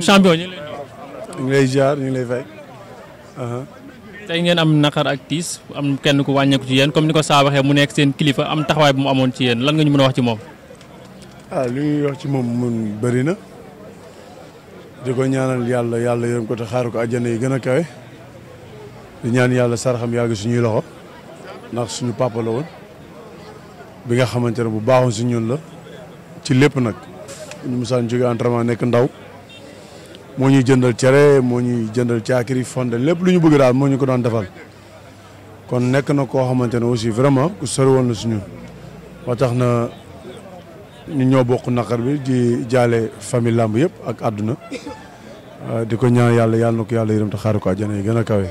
champion ñu leen ñu ngi lay jaar ñu ngi lay fay tey ngeen am naqar ak tiis am kenn ku wàññeeku ci yéen comme ni ko saa mu nekk seen kilifa am taxawaay bu mu amoon ci yéen lan nga ñu mën a wax ci moom ah li ñuy wax ci moom mun bëri na di ñaanal yàlla yàlla yërëm ko te ko àjjana yi gën a kawe di ñaan yàlla saraxam yàgg suñuy loxo ndax suñu papa la woon bi nga xamante ne bu baaxoon si ñun la ci lépp nag ñu musaan jóge entraînement nekk ndaw moo ñuy jëndal cere moo ñuy jëndal caakiri fonde lépp lu ñu bëgg daal moo ñu ko doon defal kon nekk na koo xamante ne aussi vraiment ku sori woon na si ñun ba tax na ñu ñoo bokk naqar bi ji jaale famille làmb yëpp ak àdduna euh, di ko ñaan yàlla yàlla na ko yàlla yërëm xar ko àjjana yi gën a kawe.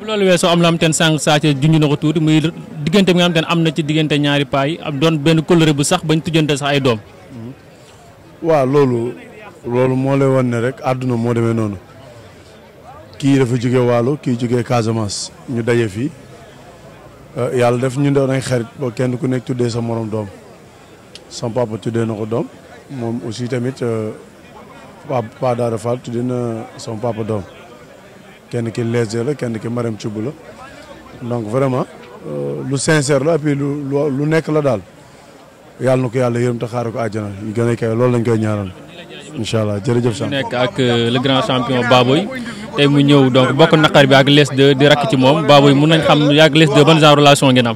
bu loolu weesoo am la am teen sànq saa ca junj na ko tuuti muy diggante bi nga xam te ne am na ci diggante ñaari paa yi doon benn colère bu sax bañ tujjante sax ay doom. loolu moo lay wan ne rek àdduna moo demee noonu kii dafa juge waalo kii jóge Casamance ñu daje fii euh, yàlla def ñu doon ay xarit kenn ku nekk tuddee sa moroom doom sama papa tuddee na ko doom moom aussi tamit pa pa Daara Fall tuddee na sama papa doom kenn ki lesde la kenn ki Marème Thioub la donc vraiment euh, lu sincère la et puis lu lu nekk la daal yàlla na yàlla yërëm te xaaral ko àjjana yu a kawe loolu lañ koy ñaanal. inshallah euh, le grand champion Baboy tay mu donc bokk nakar bi ak les 2 di rak ci mom Baboy mu xam les relation ngeen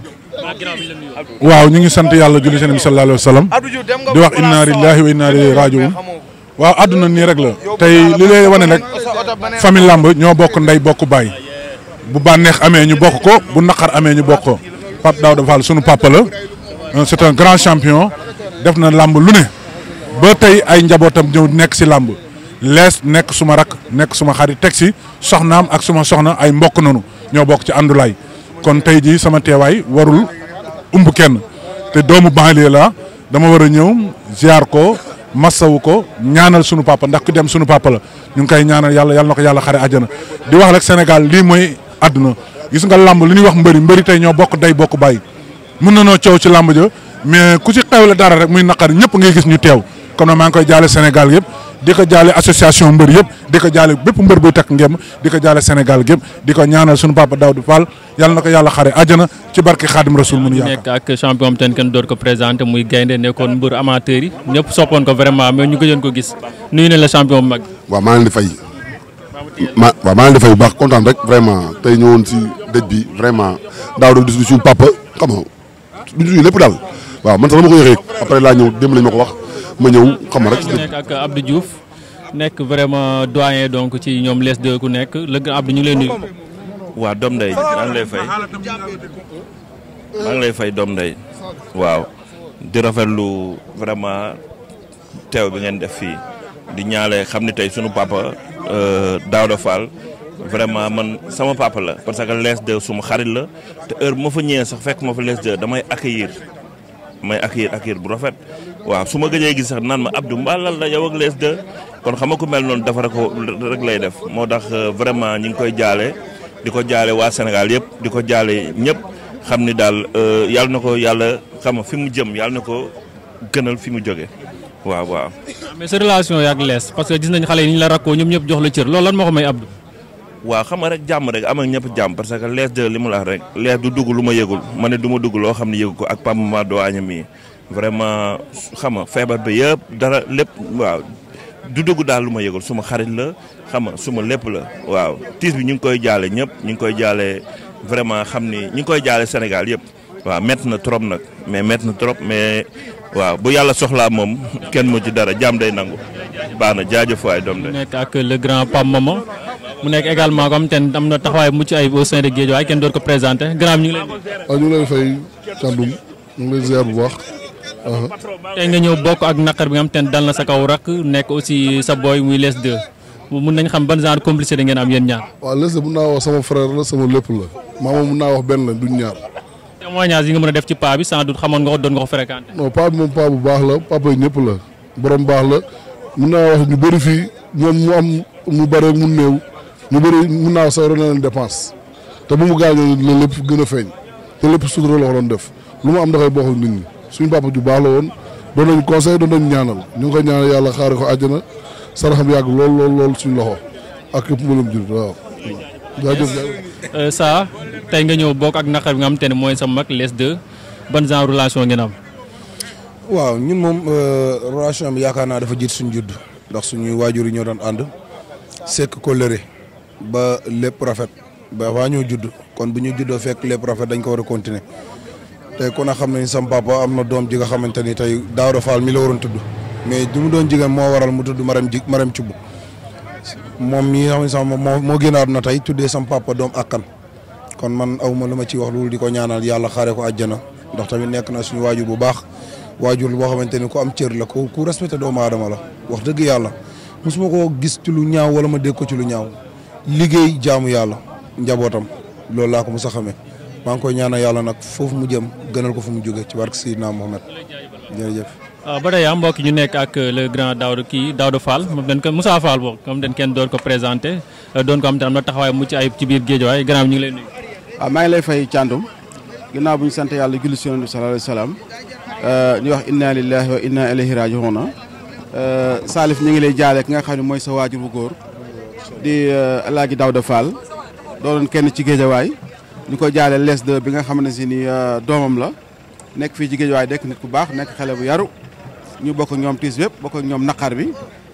waaw ñu ngi sant yalla sallallahu alayhi inna rek la tay li lay wane nak famille lamb ñoo bokk bokk bu ñu bokk ko bu papa la c'est un grand champion def na ba tay ay njabotam ñew nek ci lamb les nek suma rak nek suma xari teg si soxnaam ak suma soxna ay mbokk nonu ñoo bok ci andulay kon tay ji sama teway warul umbu kenn te doomu banlieue la dama wara ñew ziar ko massaw ko ñaanal sunu papa ndax ku dem sunu papa la ñu ngi kay ñaanal yalla yalla nako yalla xari aljana di wax rek senegal li moy aduna gis nga lamb li ñuy wax mbeuri mbeuri tay ñoo bok day nakari bay mën na no ciow ci lamb ja mais ku ci xewle dara rek muy nakar ñepp ngay gis ñu tew kon nag maa ngi koy jaale Sénégal yëpp di ko jaale association mbër yëpp di ko jaale bépp mbër buy takk ngemb di ko jaale Sénégal yëpp di ko ñaanal suñu papa Daoud Fall yàlla na ko yàlla xare àjjana ci barke Xaadim Rasul mun yaakaar nekk ak champion am ten kenn doot ko présenté muy gaynde nekkoon mbër amateur yi ñëpp soppoon ko vraiment mais ñu gëjoon ko gis nuyu ne la champion bu mag waaw maa ngi di fay ma waaw maa ngi di bu baax kontaan rek vraiment tey ñëwoon si dëj bi vraiment daaw di suñu papa xam nga duñu lépp daal waaw man sax dama ko yëgee après laa ñëw ko wax ma ñëw xam rek. ak Abdou Diouf nekk vraiment doyen donc ci ñoom les deux ku nekk lëgg Abdou ñu leen lay nuyu. waaw doom ndey maa ngi lay fay maa ngi lay fay doom ndey waaw di lu vraiment teew bi ngeen def fii di ñaale xam ne tey sunu papa euh, Daouda Fall. vraiment man sama papa la parce que les de suma xarit la te heure bu ma fa ñëwee sax fekk ma fa les deux damay accueillir may accueillir accueillir bu rafet waaw su ma gëjee gis sax naan ma Abdou mbalal la yow ak les deux kon xam nga ku mel noonu dafa rek lay def moo tax euh, vraiment ñi ngi koy jaale di ko jaale waa Sénégal yëpp di ko jaale ñëpp xam ni daal euh, yàlla na ko yàlla xam fi mu jëm yal na ko gënal fi mu jóge waaw waaw. mais sa relation yaa ak lees parce que gis nañ xale yi ni ñu la rakkoo ñoom ñëpp jox la cër loolu lan moo ko may Abdou. wa xam nga rek jàmm rek am ak ñëpp jam parce que les deux limu la rek les du dugg luma yegul mané ma du dugg lo xamni yegul ko ak pam ma do añam mi vraiment xam nga feebar bi yeb dara lepp waaw du dugg dal luma yegul suma xarit la xam nga suma lepp la waaw tis bi ñu koy jaale ñëpp ñu koy jaale vraiment xamni ñu koy jaale senegal yeb waaw metna trop nak mais metna trop mais waaw bu yalla soxla mom kenn mo ci dara jàmm day nangu baana jaajeuf way dom de. nek ak le grand pam mama mu nek également comme ten amna taxaway mu ci ay au sein de ay ken doon ko présenter gram ñu ngi lay. Ah, ñu ngi lay fay tandum ñu ngi lay ziar bu wax ah. tey nga ñew bok ak nakar bi nga am ten dal na sa kaw rak nek aussi sa boy muy les deux mun nañ xam ban genre complicité ngeen am yeen ñaar. wa les deux mun wax sama frère la sama lepp la maama mu na wax ben la duñ ñaar. témoignage yi nga mëna def ci pa bi sans doute xamone nga ko don nga ko fréquenter non pa bi mom pa bu baax la papa yi ñepp la borom baax la mu na wax ñu bari fi ñom mu am mu bari mu neew ñu bëri mun naa sawro na leen dépense te bu mu gaañoo la lépp gën a feeñ te lépp sutura la ko def lu mu am da koy bokk nit ñi suñu papa ju baax la woon doon nañ conseil doon nañ ñaanal ñu ngi koy ñaanal yàlla xaare ko àjjana saraxam yàgg lool lool lool suñu loxo ak képp mboolum jur waaw jaajëf euh, sa tey nga ñëw bokk ak naqar bi nga xam te ne mooy sa mag les deux ban genre relation ngeen am waaw ñun moom euh, relation am yaakaar naa dafa jiit suñu judd ndax suñu waajur yi ñoo doon ànd que ko lëre ba lépp rafet ba fa ñu judd kon bu ñu juddo fekk lépp rafet dañ ko wara continuer tay ko na xam nañ sam papa amna dom ji nga xamanteni tay tey Fall mi la waron tuddu mais du mu doon jigéen mo waral mu tuddu maram ji maram cubb mom mi xamni xam ne sama moo moo génnaat na tey tuddee papa dom akam kan. kon man awma luma ci wax di ñaanal yalla xare ko aljana ndax tamit nek na suñu waju bu baax waajur bo xamanteni ko am cieur la ko ku respecté doomu aadama la wax deug yalla musuma ko gis ci lu ñaaw wala ma dekk ko ci lu ñaaw liggéey jaamu yàlla njabootam loolu laa ko mos a xamee maa ngi koy ñaanal yàlla nag foofu mu jëm gënal ko fu mu jóge ci barke Seydina Mohamed jërëjëf. waaw ah, ba tey ah, mbokk ñu nekk ak euh, le grand Daouda kii Daouda Fall moom dañ ko Moussa Fall boobu comme dañ kenn doon ko présenté euh, doon ko am te am na mucc ayib ci biir géejawaay grand bi ngi lay ah, maa ngi lay fay càndum ginnaaw bu ñu sant yàlla julli si yonent bi sallallahu alayhi wa sallam euh, di wax inna lillahi wa inna ilayhi raji'un Salif ñu ngi lay jaale ki nga xam ne mooy sa waajur bu góor di eh, El Hadj Daouda Fall doonoon kenn ci géejawaay ñu ko jaale lees de bi nga xam ne si ni eh, doomam la nekk fii ci géejawaay dekk nit bu baax nekk xale bu yaru ñu bokk ñoom tiis bépp bokk ñoom naqar bi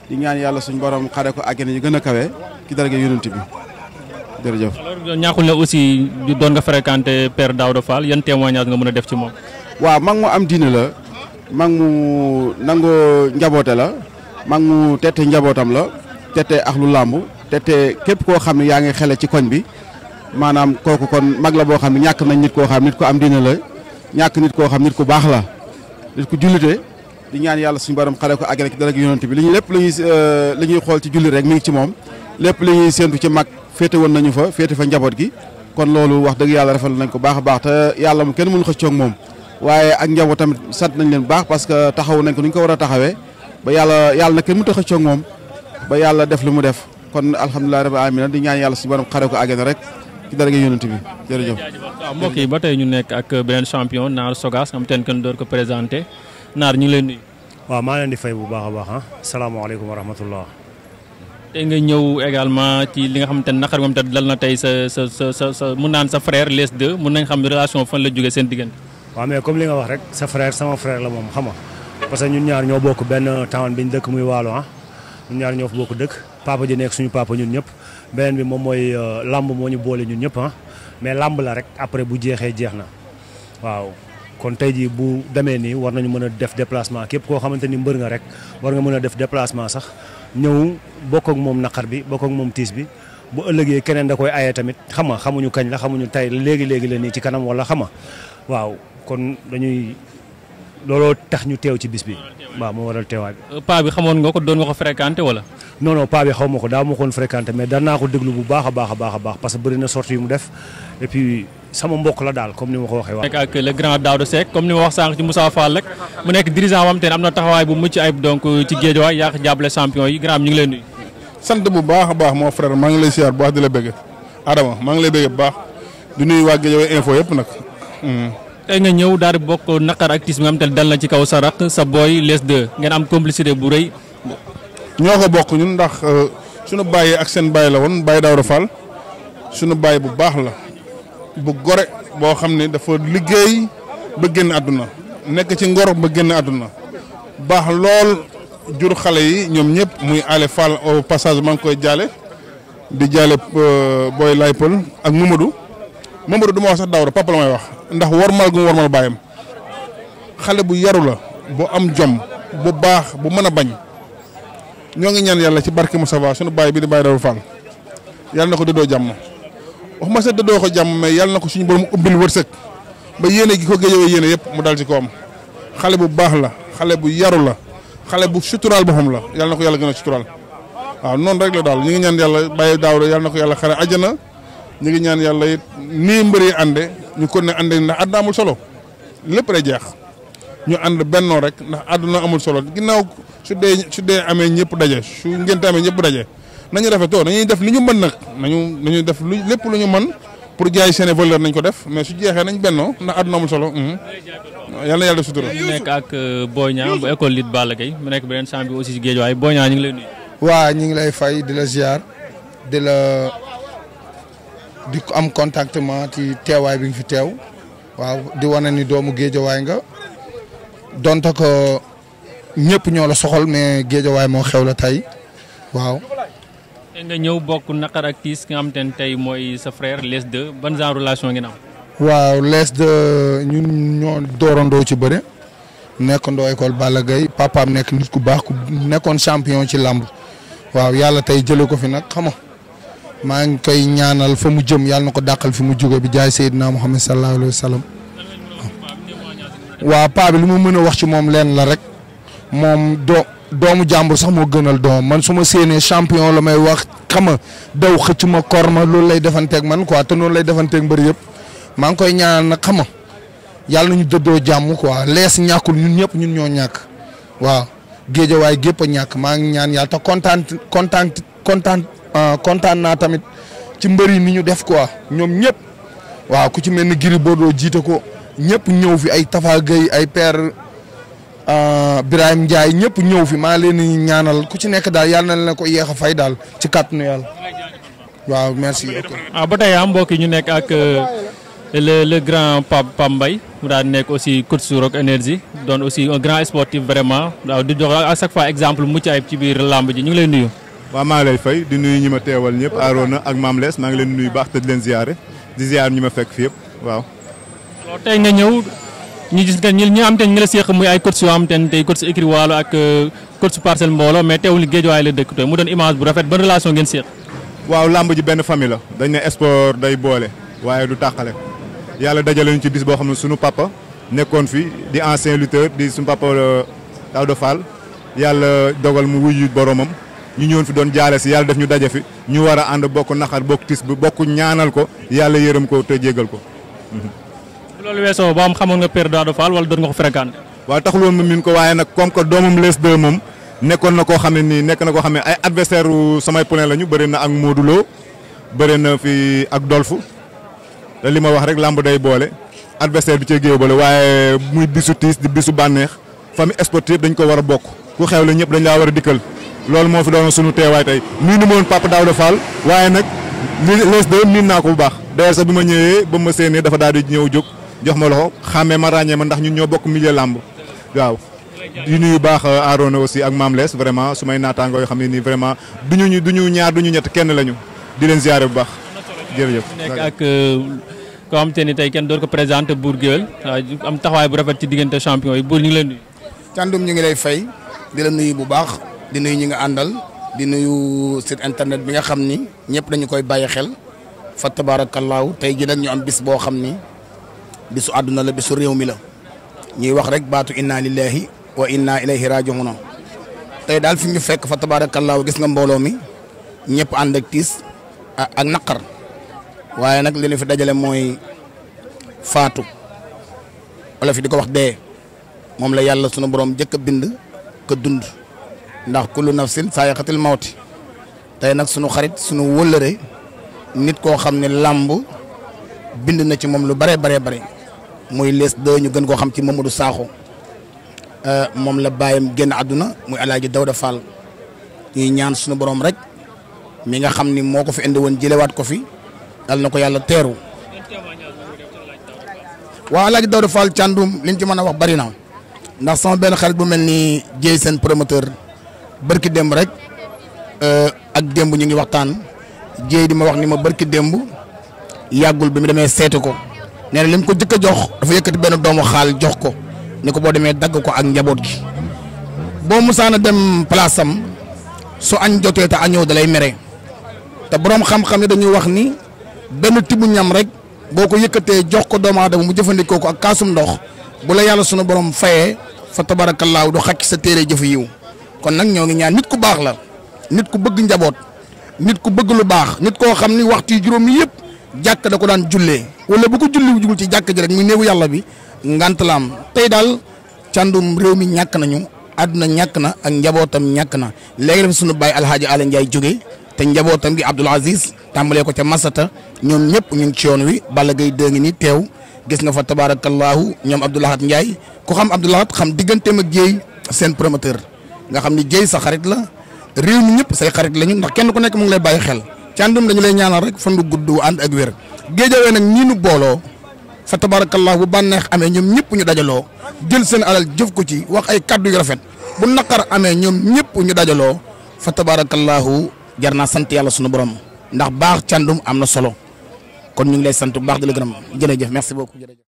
di ñaan yàlla suñ borom xare ko àggane yu gën a kawe ci darage yonent bi jërëjëf. alors ñaaxul ne aussi doon nga fréquenté père Daouda Fall yan témoignage nga mën a def ci moom. waaw mag mu am diine la mag mu nangoo njaboote la mag mu tette njabootam la. tete ak lu làmb tete képp koo xam ne yaa ngi xele ci koñ bi maanaam kooku kon mag la boo xam ne ñàkk nañ nit koo xam nit ko am diina la ñàkk nit koo xam nit ko baax la nit ko jullite di ñaan yàlla suñu borom xale ko ak rek dara yonent bi li ñu lépp li ñuy euh, li ñuy xool rek mi ngi ci moom lépp li ñuy séentu ci mag féete woon nañu fa féete fa njaboot gi kon loolu wax dëgg yàlla rafetlu nañ ko baax a baax te yàlla mu kenn mënu xëccoog moom waaye ak njaboot tamit sant nañ leen baax parce que taxaw nañ ko ni ñu ko war a taxawee ba yàlla yàlla na kenn mënut a moom ba yàlla def lu mu def kon alhamdulilah rabbil a di ñaan yàlla si borom xare ko àggana rek ci dara gi yonent bi waaw mbokk yi ba tey ñu nekk ak benn champion Naar Sogas am ten kenn door ko présenté Naar ñi leen lay nuyu. waaw maa leen di fay bu baax a baax ah salaamaaleykum wa rahmatullah. tey nga ñëw également ci li nga xamante ne naqar moom te dal na tey sa sa sa sa mun naan sa frère les deux mun nañ xam relation fan la jógee seen diggante. waaw mais comme li nga wax rek sa frère sama frère moom xam nga bi ñu dëkk muy ah. ñun ñaar ñoo fa bokk dëkk papa ji nekk suñu papa ñun ñëpp beneen bi moom mooy euh, làmb moo ñu boole ñun ñëpp ah mais làmb la rek après bu jeexee jeex na waaw. kon tey jii bu demee nii war nañu mën a def déplacement képp koo xamante ni mbër nga rek war nga mën a def déplacement sax ñëw bokk ak moom naqar bi bokk moom tiis bi. bu ëllëgee keneen da koy ayee tamit xam nga xamuñu kañ la xamuñu tey léegi léegi la nii ci kanam wala xama waaw kon dañuy looloo tax ñu teew ci bis bi waaw moo waral teewaay bi. Euh, paa bi xamoon nga ko doon nga ko fréquenté wala. non non paa bi xaw ma ko daa ma naa ko déglu bu baax a a baax a baax parce que bëri na sortie daal comme ni ma ko wax sànq ci Moussa Fall rek mu nekk dirigeant wam teen am na euh, a ngi di la bëgg Adama maa ngi lay bëgg bu baax di nuyu waa Géejawaay info yëpp nag hmm. tey eh, nga ñew daal bokk nakar ak tis nga dal na ci kaw sarak sa boy les deux ngeen am complicité bu reuy ñoko bokk ñun ndax euh, suñu baye ak seen baye la won baye dawra fall suñu baye bu baax la bu gore bo xamne dafa liggey ba genn aduna nek ci ngor ba genn aduna baax lool jur xalé yi ñom ñëpp muy ale fall au passage man koy di jaale euh, boy laypol ak mamadou mamadou duma wax sax dawra papa lamay wax ndax warmal gu mu warmal baayam xale bu yaru la bu am jom bu baax bu mën a bañ ñoo ngi ñaan yàlla ci barke Moustapha sunu baay bi di Baye Darou Fall yàlla na ko dëddoo jàmm waxuma sa dëddoo ko jàmm mais yàlla na ko suñu borom ubbil wërsëg ba yéene gi ko géejewee yéene yëpp mu dal ci koom xale bu baax la xale bu yaru la xale bu suturaal boppam la yàlla na ko yàlla gën a suturaal waaw noonu rek la daal ñu ngi ñaan yàlla Baye Daouda yàlla na ko yàlla xare àjjana ñu ngi ñaan yàlla it nii mbër yi na ñu kon ne ànde ndax àdduna solo lépp lay jeex ñu ànd bennoo rek ndax àdduna amul solo ginnaaw su dee su dee amee ñëpp daje su ngénte amee ñëpp daje nañu rafetoo nañuy def li ñu mën nak nañu nañu def lu lépp lu ñu mën pour jaay seen valeur nañ ko def mais su jeexee nañ bennoo ndax àdduna amul solo mhm. yàlla na yàlla sutura ñu nekk ak euh, Boy Niang bu école lit Balla mu nekk beneen champ aussi ci Guédiawaye Boy Niang ñu lay nuyu waa ñu ngi lay fay di la ziar di la di am contactement ci teewaay bi nga fi teew waaw di wana ni doomu géejawaay nga donte ko ñëpp ñoo la soxal mais géejawaay moo xew la tey waaw. tey nga ñëw bokk naqar ak tiis tey mooy sa frère Less 2 ban genre relation ngeen am. waaw Less 2 ñun ñoo doorandoo ci bëre nekkandoo école Balla Gaye papaam nekk nit ku baax ku nekkoon champion ci làmb waaw yàlla tey jëlee ko fi nag xam maa ngi koy ñaanal fa mu jëm yàlla na ko dàqal fi mu jóge bi jaay Seydina Muhammad sallallahu alayhi wa sallam waa paa bi ma mën a wax ci moom leen la rek moom doo doomu jàmbur sax moo gënal doom man su ma séenee champion la may wax xama daw xëcc ma kor ma loolu lay defanteeg man quoi te noonu lay defanteeg mbër yëpp maa ngi koy ñaanal nag xama yàlla ñu dëddoo jàmm quoi lees ñàkkul ñun ñëpp ñun ñoo ñàkk waaw géejawaay gépp a ñàkk maa ngi ñaan yàlla te kontaan Euh, kontaan naa tamit ci mbër yi ni ñu def quoi ñoom ñëpp waaw ku ci mel ni Gris Bordeaux jiite ko ñëpp ñëw fi ay Tafa Gueye ay père euh, Birahim njaay ñëpp ñëw fi maa leen di ñaanal ku ci nekk daal yàlla na leen ko yéex a fay daal ci kàttanu yàlla waaw merci. ah ba tey ah, mbokk yi ñu nekk ak euh, le le grand Pape Pape Mbaye mu daal di nekk aussi coach su Rock Énergie doon aussi un grand sportif vraiment waaw di jox à chaque fois exemple mucc ci biir làmb ji ñu ngi leen nuyu. waaw maa ngi lay fay di nuyu ñi ma teewal ñëpp Arona ak Mame Less maa ngi leen nuyu baax te di leen ziare di ziare ñi ma fekk fi yëpp waaw. alors tey nga ñëw ñu gis nga ñi am te ñu la seeq muy ay coach yoo am te tey coach écrit waalo ak euh, coach parcelle mbooloo mais teewul géejuwaay la dëkk tey mu doon image bu rafet ban relation ngeen seeq. waaw làmb ji benn famille la dañ ne sport day boole waaye du tàqale yàlla dajale ñu ci bis boo xam ne sunu papa nekkoon fi di ancien lutteur di sunu papa euh, Daouda Fall yàlla dogal mu wuyu boromam. ñu ñëwoon fi doon jaale si yàlla def ñu daje fi ñu war a ànd bokk naqar bokk tis bi bokk ñaanal ko yàlla yërëm ko te jégal ko. loolu weesoo ba am xamoon nga Père Daouda Fall wala doon nga ko fréquenté. waaw taxul woon ma min ko waaye nag comme que doomam moom nekkoon na koo xam ne nii nekk na koo xam ne ay adversaire samay poulain lañu bëri na ak Modou Lo bëri na fi ak Dolfu te li ma wax rek làmb day boole adversaire bi ci géew waaye muy bisu tiis di bisu bànneex famille sportive dañ ko war a bokk ku xew la ñëpp dañ laa war a dikkal. loolu moo fi doon suñu teewaay tey miinu ma woon Papa Daouda Fall waaye nag li les deux miin naa ko bu baax d'ailleurs sax bi ma ñëwee ba ma séenee dafa daal di ñëw jóg jox ma loxo xàmmee ma ràññee ma ndax ñu ñoo bokk milieu làmb waaw. di nuyu baax euh, Arona aussi ak Maam Les vraiment su may naataangoo yoo xam ne nii vraiment du ñu du ñu ñaar du ñu ñett kenn lañu di leen ziare bu baax jërëjëf. nekk ak euh, koo xam te ni tey kenn doon ko présenté Bour Gueweul am taxawaay bu rafet ci diggante champion yi Bour ñu ngi leen nuyu. Thiandoum ñu ngi lay fay di la nuyu bu baax. di nuyu ñi nga di nuyu site internet bi nga xamni ñepp ñëpp dañu koy baye xel fa tabarakallah tay ji nak ñu am bis bo xamni bisu aduna la bisu réew mi la ñuy wax rek batu inna lillahi wa inna ilayhi raji'un tay dal fi ñu fekk fa tabarakallah gis nga mbolo mi ñepp and ak tis ak nakar waye nak li ñu fi dajale moy fatu wala fi diko wax de mom la yalla sunu borom jëk bind ke dund ndax kullu nafsin sayaqatul maut tay nak sunu xarit sunu wëllëre nit ko xam làmb bind na ci mom lu bare bare bare muy les de ñu gën ko xam ci Mamadou saxo euh mom la bayam génn aduna muy alaaji Dawda Fall ñi ñaan sunu borom rek mi nga xamni moko fi indi jilé wat ko fi dal nako yàlla téru wa alaaji Dawda Fall Thiandoum liñ ci mëna wax bari na ndax sama ben xarit bu melni ni jéey promoteur bërki dem rek euh, ak dembu ñu ngi waxtaan jey di ma wax ni ma bërki dembu yagul bi mi demé seeti ko néna lim ko jëk jox dafa yëkëti benn doomu xaal jox ko ni ko boo demee ko ak njabot gi boo musaana dem place am so añ joté ta añoo dalay mere ta borom xam-xam ni dañu wax ni benn tibu ñam rek boko yëkëté jox ko doomu adam mu jëfëndiko ko ak kasum ndox bu la yalla sunu borom fayé fa tabarakallah du xacc sa téré jëf yiw kon nag ñoo ngi ñaar nit ku baax la nit ku bëgg njaboot nit ku bëgg lu baax nit koo xam ni waxtu yu juróom yëpp jàkk da ko daan jullee wala bu ko julli jugul ci jàkk ji rek muy néewu yàlla bi ngant la tey daal càndum réew mi ñàkk nañu àdduna ñàkk na ak njabootam ñàkk na léegi def suñu baay alxaaji Alé Ndiaye jóge te njabootam gi Abdoul tàmbalee ko ca Masata ñoom ñëpp ñu ngi ci yoon wi bala gay dée ngi ni teew gis nga fa tabaarakallaahu ñoom Abdoul Ahad Ndiaye ku xam Abdoul Ahad xam digganteem ak jéey seen promoteur nga xamni jey sa xarit la rew mi ñëpp say xarit lañu ndax kenn ku nekk mu ngi lay bàyyi xel ci andum dañu lay ñaanal rek fandu guddu and ak wër geejawé nak ñi ñu bolo fa tabarakallah bu banex amé ñom ñëpp ñu dajalo jël seen alal jëf ko ci wax ay kaddu yu rafet bu nakar amé ñom ñëpp ñu dajalo fa tabarakallah jarna sant yalla suñu borom ndax baax ci andum amna solo kon ñu ngi lay sant bu baax di la jërëjëf merci beaucoup